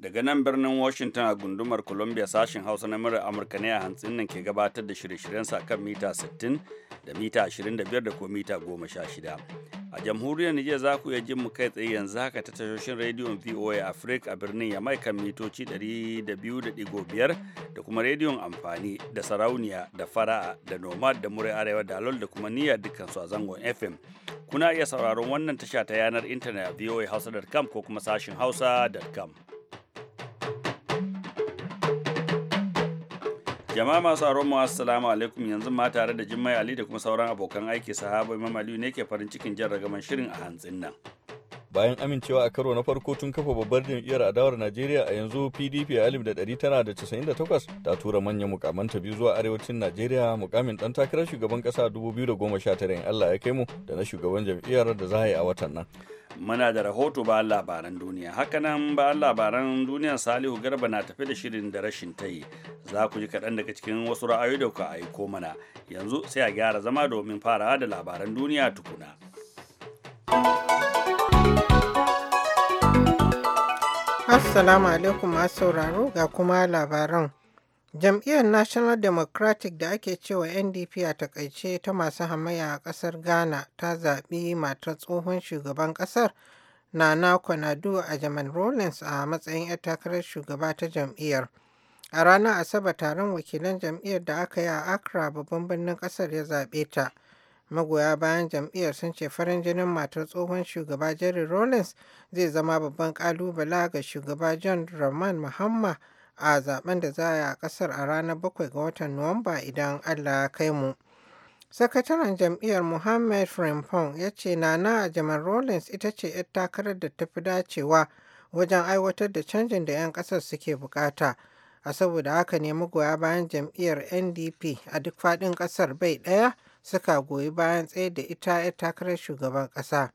daga nan birnin washington a gundumar columbia sashen hausa na murar amurka ne a hantsin nan ke gabatar da shirye shiryen sa kan mita 60 da mita 25 da ko mita 16 a jamhuriyar Nijar za ku iya jin mu kai tsaye yanzu haka ta tashoshin rediyon VOA Africa a birnin Yamai kan mitoci 200.5 da kuma rediyon amfani da sarauniya da fara'a da nomad da murai arewa da alol da kuma niyya dukkansu a zangon FM. Kuna iya sauraron wannan tasha ta yanar intanet a voahausa.com ko kuma sashin hausa.com. jama'a masu aron mu assalamu alaikum yanzu ma tare da jimmai ali da kuma sauran abokan aiki sahaba imam aliyu ne ke farin cikin jan ragaman shirin a hantsin nan bayan amincewa a karo na farko tun kafa babbar jam'iyyar adawar Najeriya a yanzu PDP a 1998 ta tura manyan mukamanta biyu zuwa arewacin Najeriya mukamin dan takarar shugaban kasa 2019 in Allah ya kai mu da na shugaban jam'iyyar da za a yi a watan nan. Muna da rahoto ba labaran duniya. haka nan ba labaran duniya Salihu Garba na tafi da shirin da rashin ta yi Za ku ji kaɗan daga cikin wasu ra'ayoyi da ku aiko mana. Yanzu sai a gyara zama domin farawa da labaran duniya tukuna. Assalamu alaikum masu sauraro ga kuma labaran. Jam'iyyar National Democratic da ake cewa NDP a takaice ta masu hamaya a ƙasar Ghana ta zaɓi matar tsohon shugaban ƙasar Nana Kwanadu a Jaman Rawlings a matsayin 'yar takarar shugaba ta jam'iyyar. A ranar Asabar taron wakilan jam'iyyar da aka yi a Accra babban birnin ƙasar ya zaɓe ta. Magoya bayan jam'iyyar sun ce farin jinin matar tsohon shugaba Jerry Rawlings zai zama babban kalubala ga shugaba John roman mahamma a zaben da za a yi a kasar a ranar 7 ga watan Nuwamba idan Allah ya kai mu. Sakataren jam'iyyar Mohammed Frimpong ya ce Nana jaman Rawlings ita ce 'yar takarar da ta fi dacewa wajen aiwatar da canjin da 'yan ƙasar suke bukata. A saboda haka ne magoya bayan jam'iyyar NDP a duk faɗin ƙasar bai ɗaya suka goyi bayan tsaye da ita 'yar takarar shugaban ƙasa.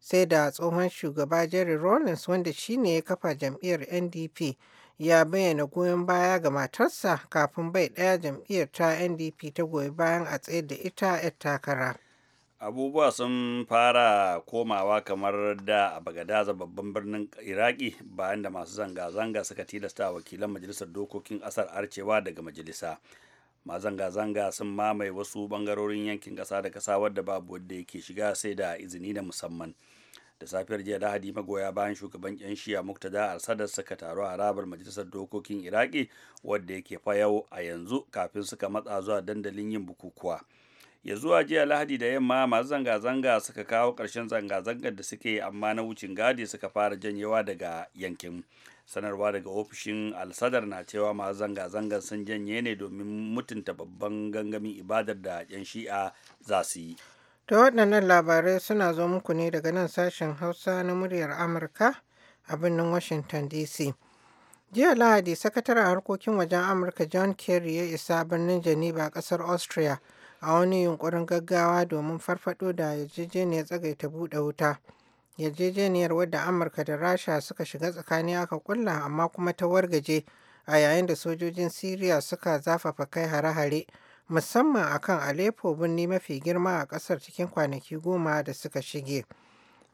Sai da tsohon shugaba Jerry Rawlings wanda shi ne ya kafa jam'iyyar NDP ya bayyana goyon baya ga matarsa kafin bai ɗaya jam'iyyar ta NDP ta goyi bayan a tsaye da ita 'yar takara. abubuwa sun fara komawa kamar da a bagadaza babban birnin iraki bayan da masu zanga-zanga suka tilasta wakilan majalisar dokokin ƙasar arcewa daga majalisa ma zanga-zanga sun mamaye wasu bangarorin yankin ƙasa da ƙasa wadda babu wadda yake shiga sai da izini na musamman da safiyar jiya lahadi magoya bayan shugaban yan shiya muktada al-sadar suka taru a rabar majalisar dokokin iraki wadda yake fayau a yanzu kafin suka matsa zuwa dandalin yin bukukuwa ya zuwa jiya lahadi da yamma masu zanga-zanga suka kawo ƙarshen zanga-zangar da suke amma na wucin gadi suka fara janyewa daga yankin sanarwa daga ofishin alsadar na cewa masu zanga-zangar sun janye ne domin mutunta babban gangamin ibadar da 'yan shi'a za su yi da waɗannan labarai suna zo muku ne daga nan sashen hausa na muryar amurka a birnin washington dc jiya lahadi sakataren harkokin wajen amurka john kerry ya isa birnin geneva ƙasar austria a wani yunkurin gaggawa domin farfado da yarjejeniyar tsagaita buɗe wuta yarjejeniyar wadda amurka da rasha suka shiga tsakani aka kulla amma kuma ta wargaje a yayin da sojojin syria suka zafafa kai hare-hare musamman akan aleppo birni mafi girma a kasar cikin kwanaki goma da suka shige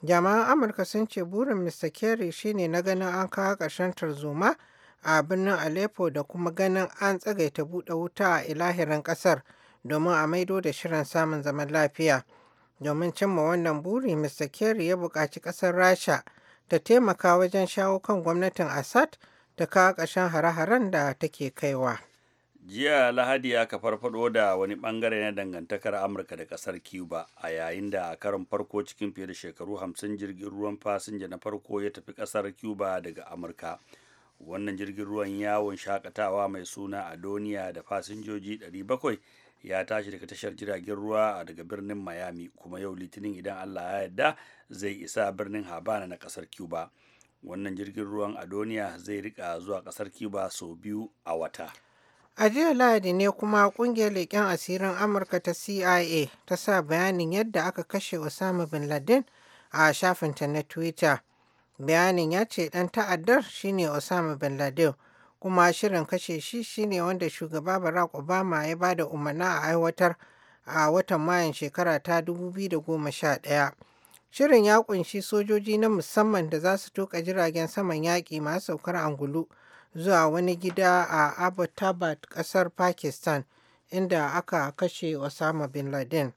jama'an amurka sun ce burin mr kerry shine na ganin an kawo ƙarshen tarzoma a birnin aleppo da kuma ganin an tsagaita buɗe wuta a ilahirin ƙasar domin a maido da shirin samun zaman lafiya. Domin cimma wannan buri, Mr. Kerry ya buƙaci ƙasar Rasha ta taimaka wajen shawo kan gwamnatin Assad ta kawo ƙarshen hare-haren da take kaiwa. jiya lahadi aka farfado da wani bangare na dangantakar amurka da ƙasar cuba a yayin da a karon farko cikin fiye da shekaru hamsin jirgin ruwan fasinja na farko ya tafi ƙasar cuba daga amurka wannan jirgin ruwan yawon shakatawa mai suna adoniya da fasinjoji 700 ya tashi daga tashar jiragen ruwa daga birnin miami kuma yau litinin idan allah ya yarda zai isa birnin habana na kasar cuba wannan jirgin ruwan adoniya zai rika zuwa kasar cuba sau biyu a wata a jiya lahadi ne kuma kungiyar leƙen asirin amurka ta cia ta sa bayanin yadda aka kashe osama bin laden a shafinta na twitter bayanin ya ce dan ta'addar shine osama bin laden kuma shirin kashe shi shine wanda shugaba barack obama ya bada da umarna a aiwatar a watan mayan shekara ta 2011 shirin ya kunshi sojoji na musamman da za su tuka jiragen saman yaƙi masu saukar angulu zuwa wani gida a abbottabad ƙasar pakistan inda aka kashe osama bin laden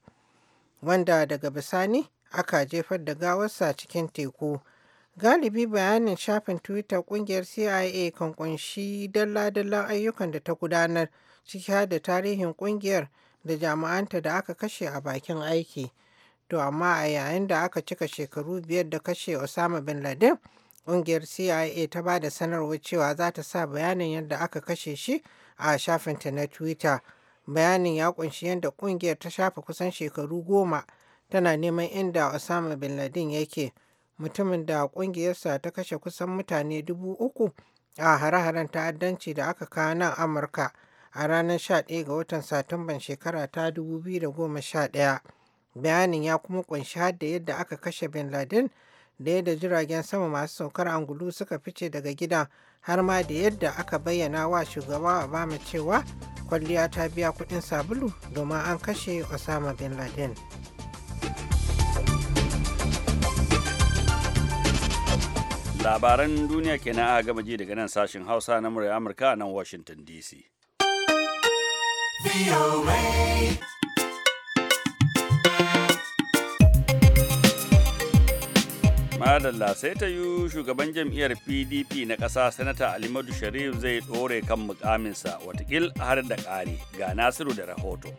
wanda daga bisani aka jefar da gawarsa cikin teku Galibi bayanin shafin Twitter ƙungiyar CIA kan ƙunshi dalla-dallan ayyukan da ta gudanar, ciki da tarihin ƙungiyar da jami'anta da aka kashe a bakin aiki. To amma a yayin da aka cika shekaru biyar da kashe Osama bin Laden, ƙungiyar CIA ta ba da sanarwar cewa za ta sa bayanin yadda aka kashe shi a shafinta na Twitter. Bayanin ya ƙunshi yadda ƙungiyar ta shafe kusan shekaru goma tana neman inda Osama bin Laden yake. mutumin da ƙungiyarsa ta kashe kusan mutane dubu uku a hare-haren ta'addanci da aka kawo nan amurka a ranar 11 ga watan satumban shekara ta 2011 bayanin ya kuma kunshi hadda yadda aka kashe bin laden da yadda jiragen sama masu saukar angulu suka fice daga gidan har ma da yadda aka bayyana wa shugaba obama cewa kwalliya ta biya kudin sabulu domin an kashe osama bin laden labaran duniya kenan a gama ji daga nan sashen hausa na murya amurka a nan washington dc madalla sai ta yi shugaban jam'iyyar pdp na ƙasa sanata alimadu sharif zai ɗore kan mukaminsa watakil har da ƙari ga nasiru da rahoto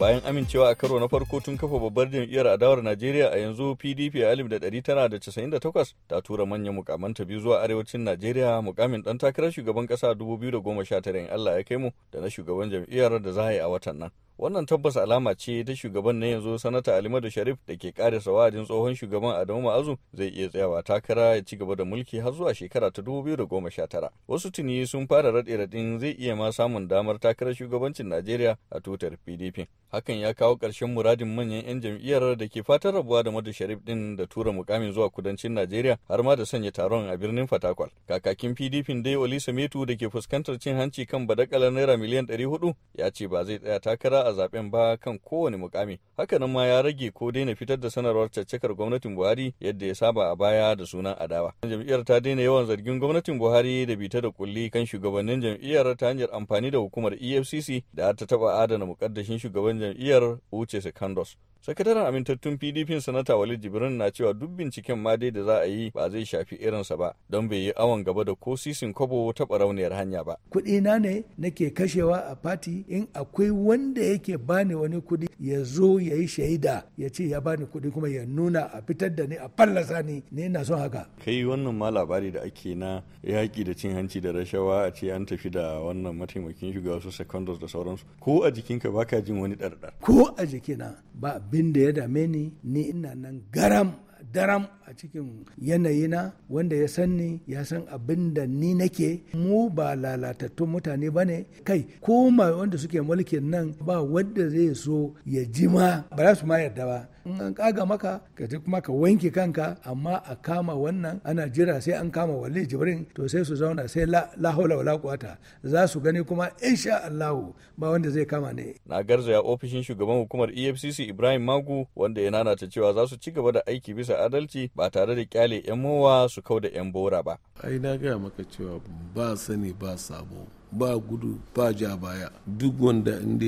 bayan amincewa a karo na farko tun kafa babbar jam'iyyar adawar Najeriya a yanzu PDP a 1998 ta tura manyan mukamanta biyu zuwa arewacin Najeriya mukamin dan takarar shugaban kasa 2019 in Allah ya kai mu da na shugaban jam'iyyar da za a yi a watan nan. Wannan tabbas alama ce ta shugaban na yanzu sanata Alimadu Sharif da ke kare sawadin tsohon shugaban Adamu Ma'azu zai iya tsayawa takara ya ci gaba da mulki har zuwa shekara ta 2019. Wasu tuni sun fara raɗe-raɗin zai iya ma samun damar takarar shugabancin Najeriya a tutar PDP. hakan ya kawo ƙarshen muradin manyan 'yan jam'iyyar da ke fatan rabuwa da madu sharif din da tura mukamin zuwa kudancin najeriya har ma da sanya taron a birnin fatakwal kakakin pdp dai olisa sametu da ke fuskantar cin hanci kan badakalar naira miliyan 400 ya ce ba zai tsaya takara a zaben ba kan kowane mukami hakanan ma ya rage ko daina fitar da sanarwar caccakar gwamnatin buhari yadda ya saba a baya da sunan adawa jam'iyyar ta daina yawan zargin gwamnatin buhari da bita da kulli kan shugabannin jam'iyyar ta hanyar amfani da hukumar efcc da ta taba adana mukaddashin shugaban manjan iyar wuce secondos sakataren amintattun pdp sanata wali jibrin na cewa duk binciken ma dai da za a yi ba zai shafi irinsa ba don bai yi awon gaba da ko sisin kwabo ta barauniyar hanya ba kuɗi na ne nake kashewa a fati in akwai wanda yake bani wani kuɗi ya zo ya yi shaida ya ce ya bani kuɗi kuma ya nuna a fitar da ni a fallasa ni ne na son haka kai wannan ma labari da ake na yaƙi da cin hanci da rashawa a ce an tafi da wannan mataimakin shugaba su secondos da sauransu ko a jikinka baka jin wani ɗarɗar ko a jikina ba abin da ya dame ni ni ina nan garam daram a cikin yanayina wanda ya san ni ya san abin da ni nake mu ba lalatattun mutane ba ne kai ko ma wanda suke mulkin nan ba wanda zai so ya ji ma ba za su ma yarda ba in an kaga maka ka ji kuma ka wanke kanka amma a kama wannan ana jira sai an kama wali jibrin to sai su zauna sai la haula wala quwata za su gani kuma insha Allah ba wanda zai kama ne na garzaya ofishin shugaban hukumar EFCC Ibrahim Magu wanda ya nanata cewa za su ci gaba da aiki bisa adalci ba tare da kyale 'yan mowa su kau da 'yan bora ba. ai na gaya maka cewa ba sani ba sabo ba gudu ba ja baya duk wanda inda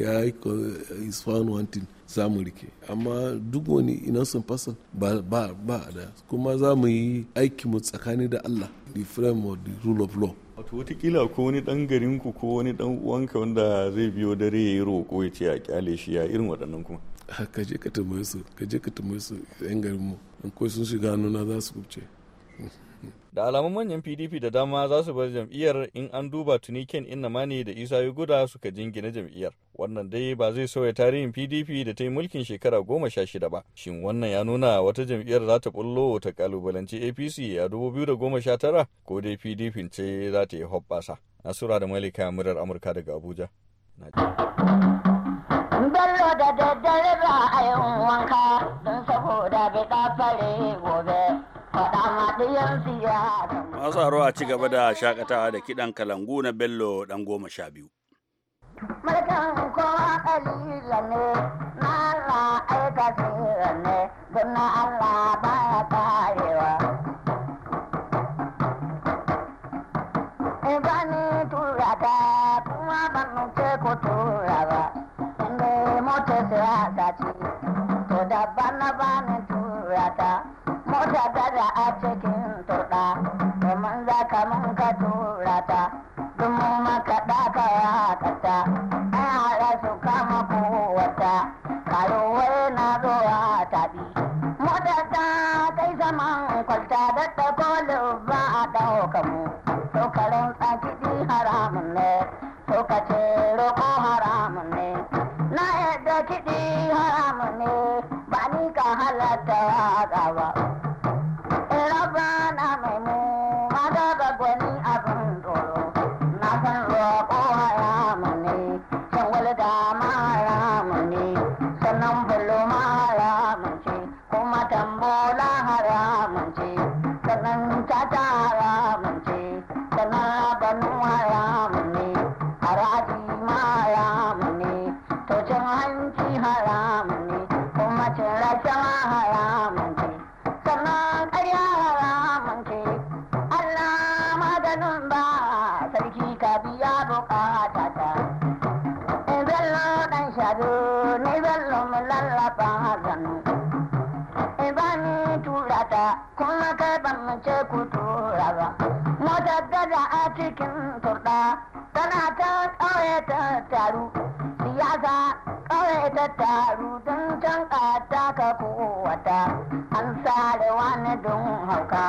ya yi isfan wantin za mu rike amma duk wani innocent person ba ba da kuma za mu yi aikinmu tsakani da allah the frame of the rule of law wato watakila ko wani dan garinku ko wani dan uwanka wanda zai biyo dare ya yi roƙo ya ce a kyale shi ya irin waɗannan kuma ka je ka tambaye su ka je ka tambaye su yan garin mu an ko sun shiga nuna za su kubce da alamun manyan pdp da dama za su bar jam'iyyar in an duba tuni ken innama ne da isa yi guda suka jingina jam'iyyar wannan dai ba zai sauya tarihin pdp da ta yi mulkin shekara goma sha shida ba shin wannan ya nuna wata jam'iyyar za ta bullo ta kalubalanci apc a dubu biyu da goma sha tara ko dai pdp ce za ta yi hoɓɓasa nasura da malika murar amurka daga abuja wanka don saboda bai kafare gobe faɗa maɗiyan siya masu tsaro a ci gaba da shakatawa da kiɗan kalangu na bello ɗan goma sha biyu mulkin kowa ƙalila ne na Allah aika ne don na Allah baya karewa Ibani tura ta kuma ban tura ba, inda mota siyasa ce. to da bana bani turata mota gada a cikin turɗa domin za ka ka turata domin maka ɗaka ya ta. daddada a cikin turɗa tana ta ƙauye ta taru siyasa ƙauye ta taru don can ƙata ka kowata an sare wani don hauka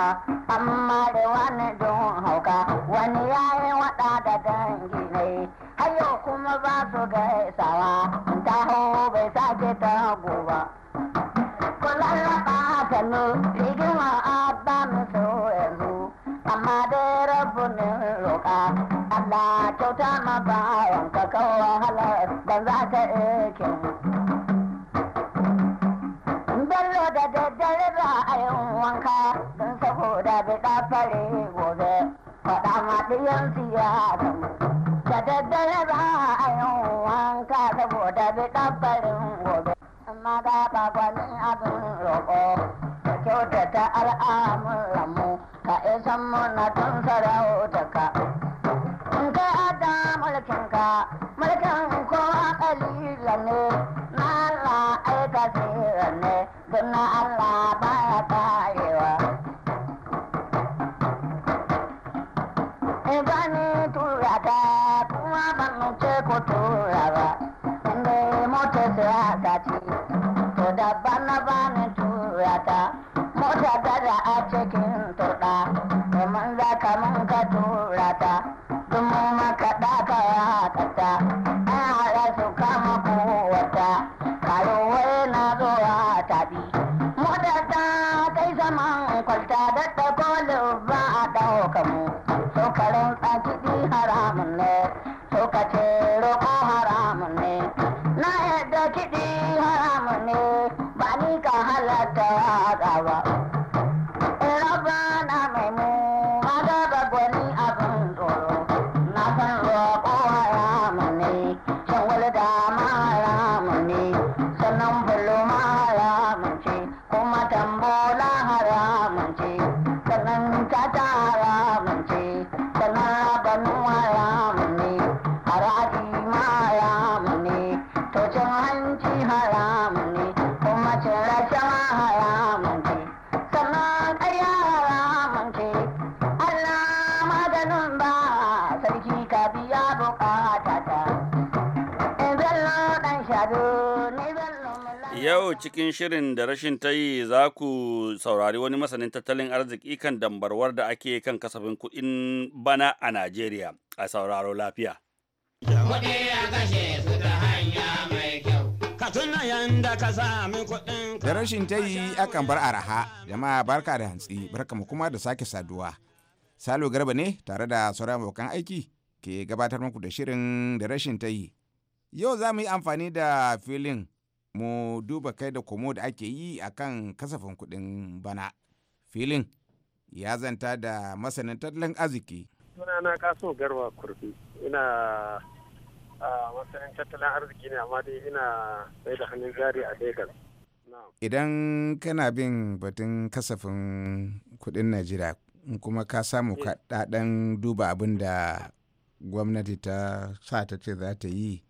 an mare wani don hauka wani ya yi waɗa da dangi ne hayo kuma ba su gaisawa hau bai sake ta goba. Kullum ba ta nufin rigima kunnin roƙa Allah kyauta ma bawan ka kawo wahalar da za ka ike Bello da daddare za a yi wanka don saboda bida fare gobe faɗa ma ɗiyan siyasa da daddare za a yi wanka saboda bida fare gobe amma ga ba abin roƙo da kyautata al'amuranmu da san tun sarauta ka in kai ada mulkin ka know yau cikin shirin da rashin ta yi za ku saurari wani masanin tattalin arziki kan dambarwar da ake kan kasafin kuɗin bana a Najeriya a sauraro lafiya. Da rashin ta yi akan bar araha. Jama'a barka da hantsi, barka mu kuma da sake saduwa. Salo Garba ne tare da sauran abokan aiki ke gabatar muku da shirin da rashin ta yi. Yau za mu yi amfani da filin mu duba kai da komo da ake yi a kan kasafin kuɗin bana filin ya zanta da masanin tattalin arziki sunana kaso garba kurfi ina masanin tattalin arziki ne amma dai ina sai da hannun jari a legas idan kana bin batun kasafin kuɗin najeriya kuma ka samu eh. kaɗaɗen duba abin da gwamnati ta sa ta ce za ta yi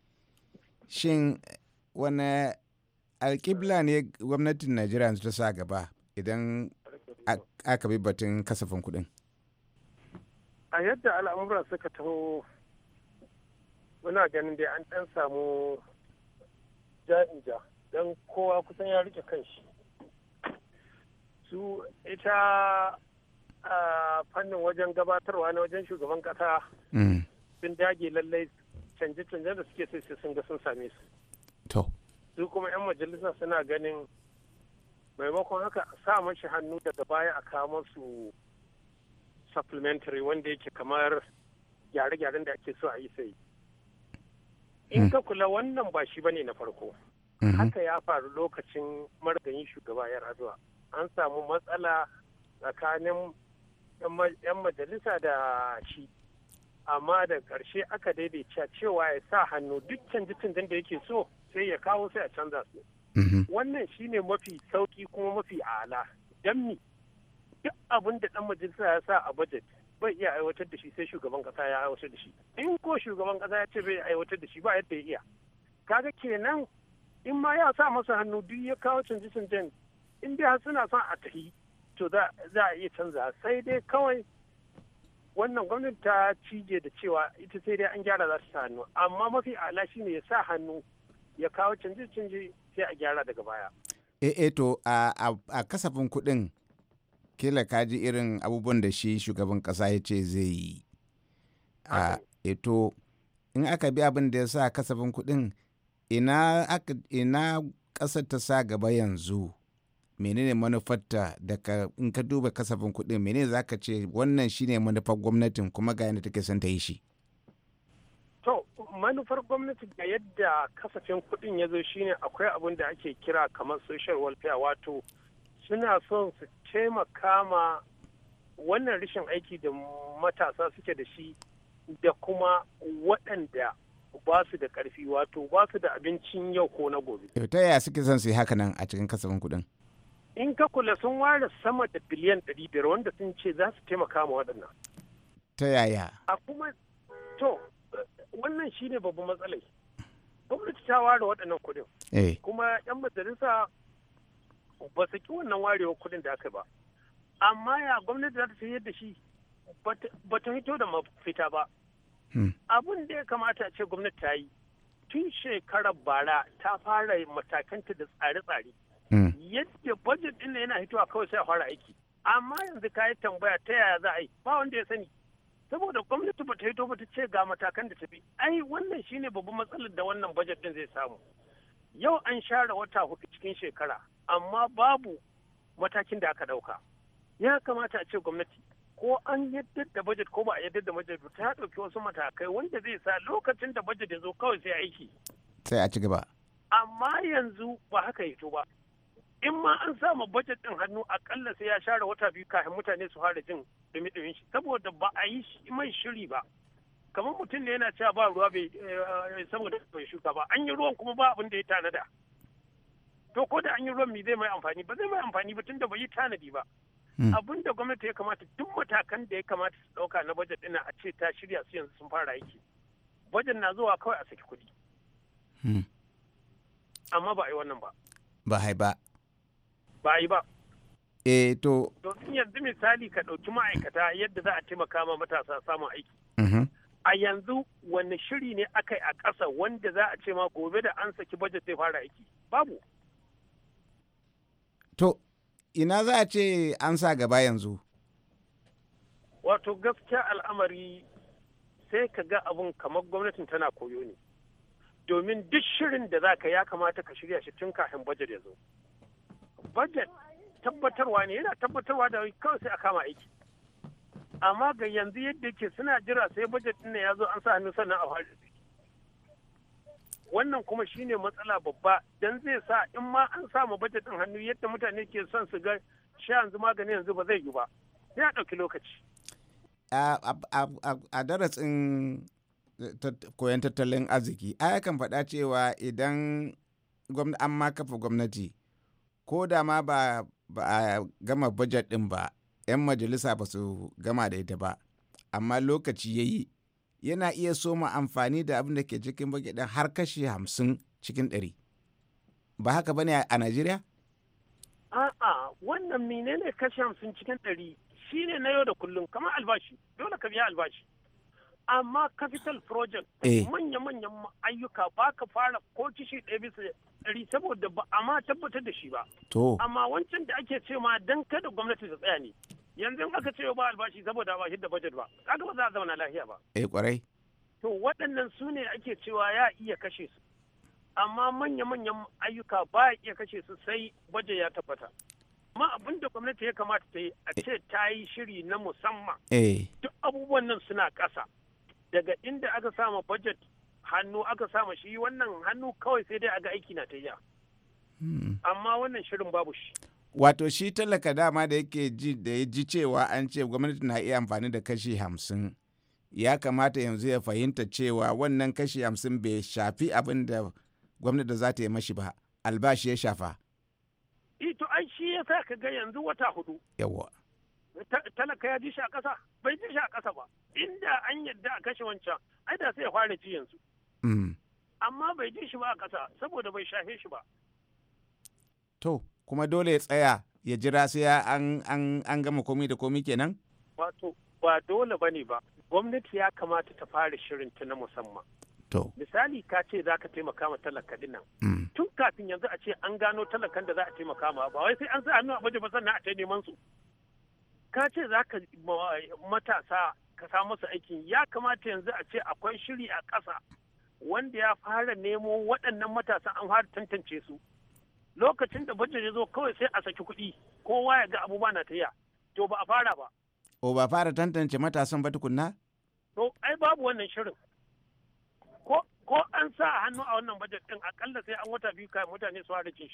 shin wani alƙibla ne gwamnatin najeriya yanzu ta sa gaba idan aka bi batun kasafin kuɗin a yadda al'amura suka taho muna ganin da an ɗan samu ja'inja don kowa kusan ya rike kanshi su ita a fannin wajen gabatarwa na wajen shugaban kasa mm. sun dage lallai canje canje da suke sai sun ga sun same su su kuma 'yan majalisa suna ganin maimakon haka sa mashi hannu daga baya a kawo su supplementary wanda yake kamar gyare-gyaren da ake so a yi sai in ka kula wannan ba shi bane na farko mhm. haka ya faru lokacin margayin shugaba ya razuwa an samu matsala tsakanin 'yan majalisa da shi amma da ƙarshe aka daidaita cewa ya sa hannu duk canji canjin da yake so sai ya kawo sai a canza su mm-hmm. wannan shi ne mafi sauki kuma mafi ala don mi duk abin da dan majalisa ya sa a budget bai iya aiwatar da shi sai shugaban kasa ya aiwatar da shi in ko shugaban kasa ya ce bai aiwatar da shi ba yadda ya iya kaga kenan in ma ya sa masa hannu duk ya kawo canje canjen in dai suna son a tahi to za a iya canza sai dai kawai wannan gwamnati ta cije da cewa ita sai dai an gyara za su sa hannu amma mafi ala shine ya sa hannu ya kawo canje-canje sai a gyara daga baya. E, to a kasafin kuɗin kila ka ji irin abubuwan da shi shugaban ƙasa ya ce zai yi. A eh, to in aka bi abin da ya sa kasafin kuɗin ina ƙasar ta sa gaba yanzu menene manufarta daga in ka duba kasafin kuɗin menene za ka ce wannan shine manufar gwamnatin kuma ga yadda take son ta yi shi. manufar gwamnati da yadda kasafin kuɗin ya zo shine akwai abin da ake kira kamar social welfare wato suna son su taimaka ma wannan rashin aiki da matasa suke da shi da kuma waɗanda ba su da ƙarfi wato ba su da abincin yau ko na gobe. ta yaya suke son su yi haka nan a cikin kasafin kuɗin? in ka kula sun ware sama da biliyan ɗari biyar, wanda sun ce za su taimaka ma waɗannan. ta yaya? a kuma to wannan shine babban matsalai gwamnati ta ware waɗannan kuɗin eh. kuma 'yan majalisa ba su ki wannan warewar kuɗin da aka ba amma ya gwamnati za ta sayar yadda shi ba ta hito da mafita ba hmm. abin da ya kamata a ce gwamnati ta yi tun shekarar bara ta fara matakanta da tsare-tsare hmm. yadda budget ɗin yana hito a kawai sai a fara aiki amma yanzu ka yi tambaya ta yaya za a yi ba wanda ya sani saboda gwamnati ba ta yi ba ta ce ga matakan da ta bi ai wannan shine babban matsalar da wannan bajet din zai samu yau an share wata hudu cikin shekara amma babu matakin da aka dauka ya kamata a ce gwamnati ko an yadda da bajet ko ba a yadda da bajet ta dauki wasu matakai wanda zai sa lokacin da bajet ya zo kawai sai aiki sai a ci gaba amma yanzu ba haka yi to ba in ma an sama budget din hannu akalla sai ya share wata biyu kafin mutane su fara jin dumi-dumin shi saboda ba a yi mai shiri ba kamar mutum ne yana cewa ba ruwa bai eh, saboda bai shuka ba an yi ruwan kuma ba abin da ya tanada to ko da an yi ruwan mi zai mai amfani ba zai mai amfani ba tunda bai yi tanadi ba hmm. abin da gwamnati ya kamata duk matakan da ya kamata su dauka na bajet ɗina a ce ta shirya su yanzu sun fara aiki bajet na zuwa kawai a saki kuɗi hmm. amma ba a yi wannan ba ba hai ba ba yi ba E, to domin yanzu misali ka ɗauki ma'aikata yadda za a taimaka ma matasa samun aiki mm-hmm. a yanzu wani shiri ne aka yi a ƙasa wanda za a ce ma gobe da an saki bajet zai fara aiki babu to ina za a ce an sa gaba yanzu wato gaskiya al'amari sai ka ga abun kamar gwamnatin tana koyo ne domin duk shirin da za ka ya kamata ka shirya shi tun kafin bajet ya zo budget tabbatarwa ne yana tabbatarwa da kawai sai a kama aiki amma ga yanzu yadda ke suna jira sai budget ɗin ya zo an sa hannu sannan a fara wannan kuma shine matsala babba dan zai sa in ma an samu budget ɗin hannu yadda mutane ke son su ga sha yanzu magani yanzu ba zai yi ba sai a ɗauki lokaci a darasin koyon tattalin arziki a yakan faɗa cewa idan an ma kafa gwamnati ko da ma ba a gama bajet ɗin ba 'yan majalisa ba su gama da ita ba amma lokaci ya yi yana iya soma amfani da abin da ke cikin ɗin har kashi hamsin cikin ɗari ba haka bane a najeriya a'a wannan menene kashi hamsin cikin ɗari shine na yau da kullum kamar albashi dole ka biya albashi amma capital project eh. manya-manyan ayyuka ba ka fara ko kishi ɗaya bisa ɗari saboda ba a ma tabbatar da shi ba amma wancan da ake ce ma dan kada gwamnati ta tsaya ne yanzu aka ce ba albashi saboda ba da budget ba kaga ba za a zauna lafiya ba eh kwarai to waɗannan su ne ake cewa ya iya kashe su amma manya-manyan ayyuka ba iya kashe su sai baje ya tabbata amma abin da gwamnati ya kamata ta yi a eh. ce ta yi shiri na musamman eh. duk abubuwan nan suna ƙasa daga inda aka sama budget hannu aka sama shi wannan hannu kawai sai dai aga aiki na ta yi hmm. amma wannan shirin babu shi wato shi talaka dama da yake ji da ya ji cewa an ce gwamnati na iya amfani da kashi hamsin ya kamata yanzu ya fahimta cewa wannan kashi hamsin bai shafi abin da gwamnati za ta yi mashi ba albashi ya shafa ito an shi ya sa ka ga yanzu wata hudu yawa talaka ya ji shi a ƙasa bai ji shi a ƙasa ba inda an yadda a kashe wancan ai da sai ya fara ji yanzu mm. amma bai ji shi ba a ƙasa saboda bai shahe shi ba to kuma dole ya tsaya ya jira sai an an an gama komai da komai kenan wato ba dole bane ba gwamnati ya kamata ta fara shirin ta na musamman To. Misali ka ce za ka taimaka ma talaka din nan. Mm. Tun kafin yanzu a ce an gano talakan da za a taimaka ma ba wai sai an sa hannu a baje ba sannan a ta neman su. ka ce za ka matasa ka samu su aikin ya kamata yanzu a ce akwai shiri a ƙasa wanda ya fara nemo waɗannan matasa an fara tantance su lokacin da bajin ya zo kawai sai a saki kuɗi kowa ya ga abubuwa na ta to ba a fara ba o ba fara tantance matasan ba tukunna to ai babu wannan shirin ko an sa a hannu a wannan bajin din akalla sai an wata biyu kai mutane su fara shi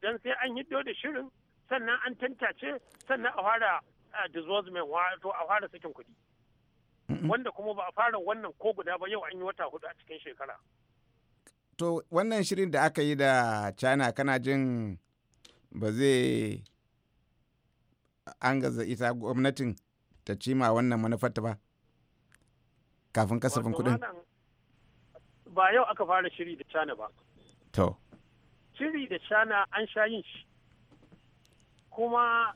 dan sai an hiddo da shirin sannan an tantace sannan a fara disbursement wato a fara sakin kuɗi wanda kuma ba a fara wannan ko guda ba yau an yi wata hudu a cikin shekara to wannan shirin da aka yi da china kana jin ba zai an gaza ita gwamnatin ta cima wannan manufarta ba kafin kasafin kuɗin ba yau aka fara shiri da china ba to shiri da china an sha yin shi kuma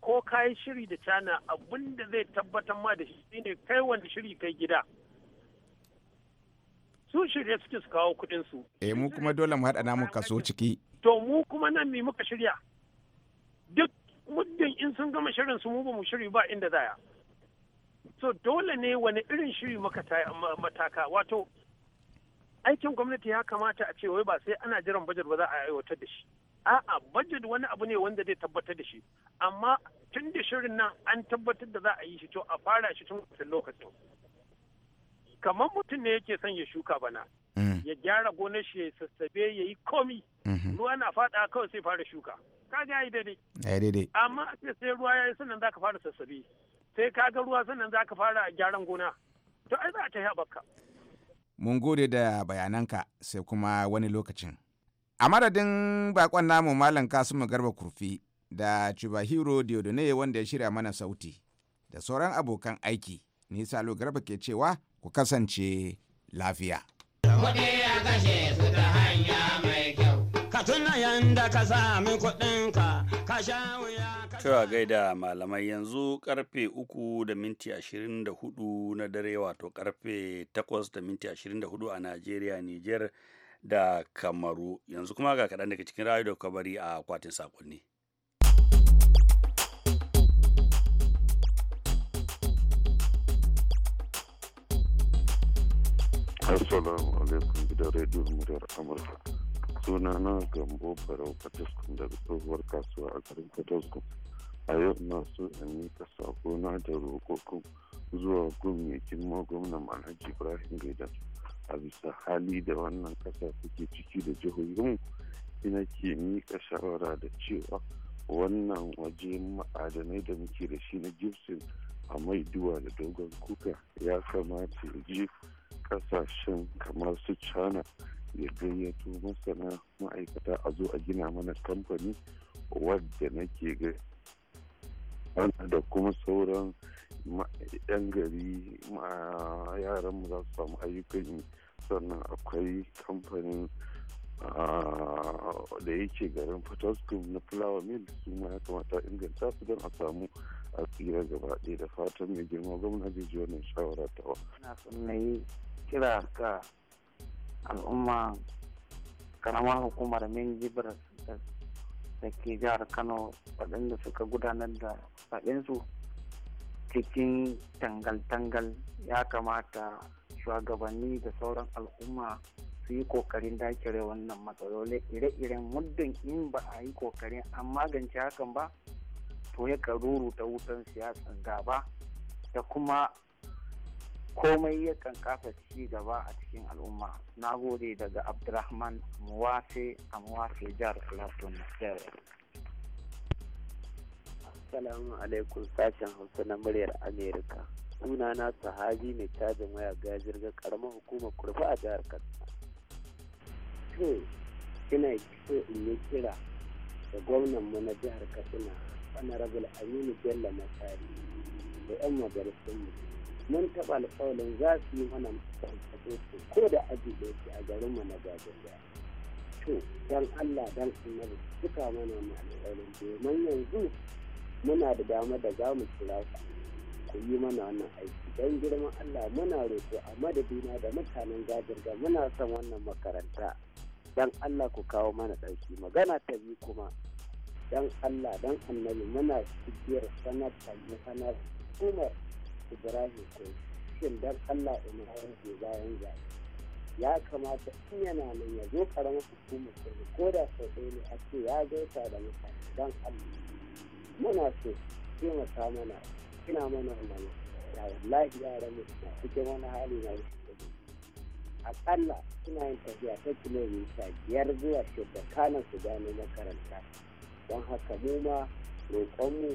ko ka yi shiri da cana abin da zai tabbatar ma da shi ne kai wanda shiri kai gida su shirya suke su kawo kuɗinsu. eh mu kuma dole mu haɗa namu kaso ciki to mu kuma nan ne muka shirya duk muddin in sun gama shirin su mu ba mu shiri ba inda zaya so dole ne wani irin shiri mataka wato aikin gwamnati ya kamata a ce wai ba sai ana jiran bajar ba za a aiwatar da shi a'a budget wani abu ne wanda zai tabbatar da shi amma tun da shirin nan an tabbatar da za a yi shi to a fara shi tun wancan lokacin kamar mutum ne yake son ya shuka bana mm. ya gyara gonar shi ya sassabe ya yi komi mm-hmm. ruwa na fada kawai sai fara shuka ka ga yi daidai amma sai ruwa ya yi sannan za ka fara sassabe sai ka ga ruwa sannan za ka fara gyaran gona to ai za a ta yi mun gode da bayananka sai kuma wani lokacin a madadin bakon namu malam kasimu garba kurfi da chibahiro diodone wanda ya shirya mana sauti da sauran abokan aiki ni salo garba ke cewa ku kasance lafiya kuɗi a kashe cewa gaida malamai yanzu karfe uku da minti ashirin na dare wato karfe takwas da minti ashirin a najeriya niger da kamaru yanzu kuma ga kaɗan daga cikin rayu da kabari a kwatin sakonni. Assalamu alaikum gidan rediyo muryar Amurka. Suna na Gambo Barau Fataskun daga tsohuwar kasuwa a garin Fataskun. A yau na so in yi sako na da roƙoƙo zuwa gumi kin ma gwamnan Alhaji Ibrahim Gaidan. a bisa hali da wannan ƙasa suke ciki da jihohin ina ke mika shawara da cewa wannan waje ma'adanai da muke da shi na gibson a maiduwa da dogon kuka ya kamata a ji kasashen kamar su china ya gayyato masana ma'aikata a zo a gina mana kamfani wadda nake ga da kuma sauran yan gari yaran mu za su samu ayyukan yi sannan akwai kamfanin ah, da yake garin fataskun na fulawa mil su ma ya kamata inganta su don a samu a tsira gaba da fatan mai girma gwamna zai ji wannan shawara ta wa. na son na yi kira ga al'umma karamar hukumar min jibar da ke jihar kano waɗanda suka gudanar da faɗinsu cikin tangal-tangal ya kamata shugabanni da sauran al'umma su yi kokarin dakire wannan matsaloli ire-iren muddin in ba a yi kokarin an magance hakan ba to ya karuru ta wutan siyasa gaba da kuma komai ya kafa ci gaba a cikin al'umma na gode daga abdurrahman muwafe a muwafe jihar plateau nigeria Assalamu alaikum sashen Hausa na muryar Amerika. Sunana Sahabi mai cajin waya gajirga karamar hukumar kurfa a jihar Katsina. To, ina so in yi kira da mu na jihar Katsina, Honorable Aminu Bello Masari da 'yan mu Mun taɓa alƙawarin za su yi mana tsarkato ko da aji ɗauki a garin mu na gajirga. To, don Allah don annabi suka mana wannan alƙawarin domin yanzu muna da dama da za mu kira ku ku yi mana wannan aiki don girman Allah muna roƙo a madadina da mutanen gajirga muna son wannan makaranta don Allah ku kawo mana ɗauki magana ta bi kuma don Allah don annabi muna cibiyar sanar sanar umar ibrahim ko shin don Allah ina ke bayan zai ya kamata in yana nan ya zo karamar hukumar ko da sau ɗaya ne a ce ya gaisa da mutane don Allah muna so taimaka mana ina mana wannan ya wallahi yaran mu na suke mana hali na akalla suna yin tafiya ta kilomita biyar zuwa shida kanan su gano makaranta don haka mu ma roƙonmu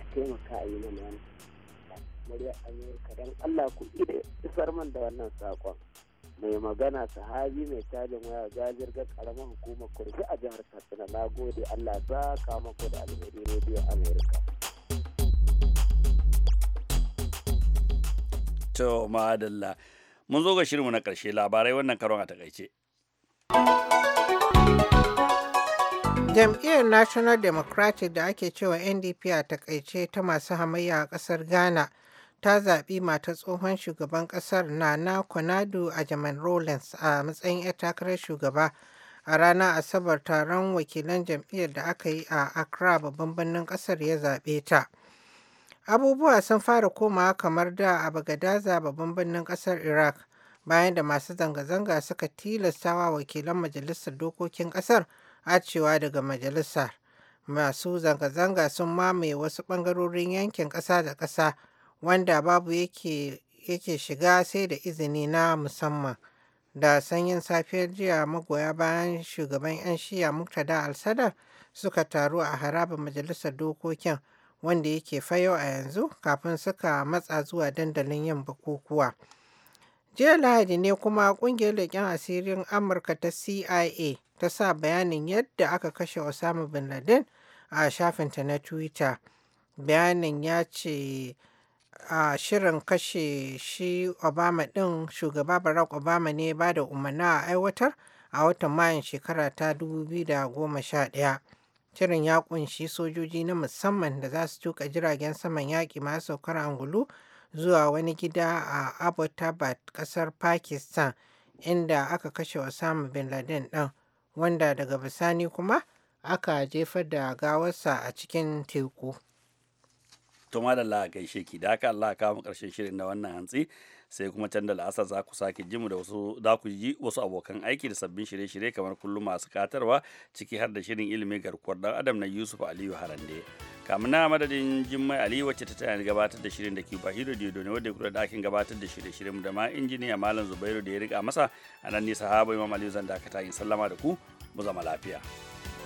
a taimaka a yi mana wani yi amurka don allah ku isar man da wannan saƙon mai magana sahabi mai tajin waya jirga karamar hukumar kurfi a jihar katsina na gode allah za ka mako da alheri rediyo america to madalla mun zo ga shirinmu na karshe labarai wannan karon a takaice jam'iyyar national democratic da ake cewa ndp a takaice ta masu hamayya a kasar ghana ta zaɓi mata tsohon shugaban ƙasar na Konadu a Jaman Rawlings a matsayin 'yar takarar shugaba a ranar Asabar taron wakilan jam'iyyar da aka yi a Accra babban birnin ƙasar ya zaɓe ta. Abubuwa sun fara komawa kamar da a Bagadaza babban birnin ƙasar Iraq bayan da masu zanga-zanga suka tilastawa wakilan majalisar dokokin ƙasar acewa daga majalisar. Masu zanga-zanga sun mamaye wasu ɓangarorin yankin ƙasa da ƙasa wanda babu yake yake shiga sai da izini na musamman. Da sanyin safiyar jiya magoya bayan shugaban 'yan shiya Muktada alsada suka taru a harabar majalisar dokokin wanda yake fayo a yanzu kafin suka matsa zuwa dandalin yin bukukuwa. Jiya Lahadi ne kuma kungiyar leƙen asirin Amurka ta CIA ta sa bayanin yadda aka kashe Osama bin Laden a shafinta na Twitter. Bayanin ya ce a shirin kashe shi obama ɗin shugaba barack obama ne ba da umarna a aiwatar a watan mayan shekara ta 2011 shirin ya kunshi sojoji na musamman da za su tuka jiragen saman yaƙi masu saukar angulu zuwa wani gida a abbottabad ƙasar pakistan inda aka kashe osama bin laden ɗin wanda daga bisani kuma aka jefar da gawarsa a cikin teku to la a gaishe ki da haka Allah kawo mu karshen shirin na wannan hantsi sai kuma can da la'asar za ku sake ji mu da wasu za ku ji wasu abokan aiki da sabbin shirye-shirye kamar kullum masu katarwa ciki har da shirin ilimi garkuwar dan adam na Yusuf Aliyu Harande kamun na madadin Jummai Ali wacce ta tana gabatar da shirin da ke ba hiro diodo ne wanda ya kula da akin gabatar da shirye-shirye mu da ma injiniya Malam Zubairu da ya rika masa a nan ne sahaba Imam Aliyu zan dakata in sallama da ku mu zama lafiya.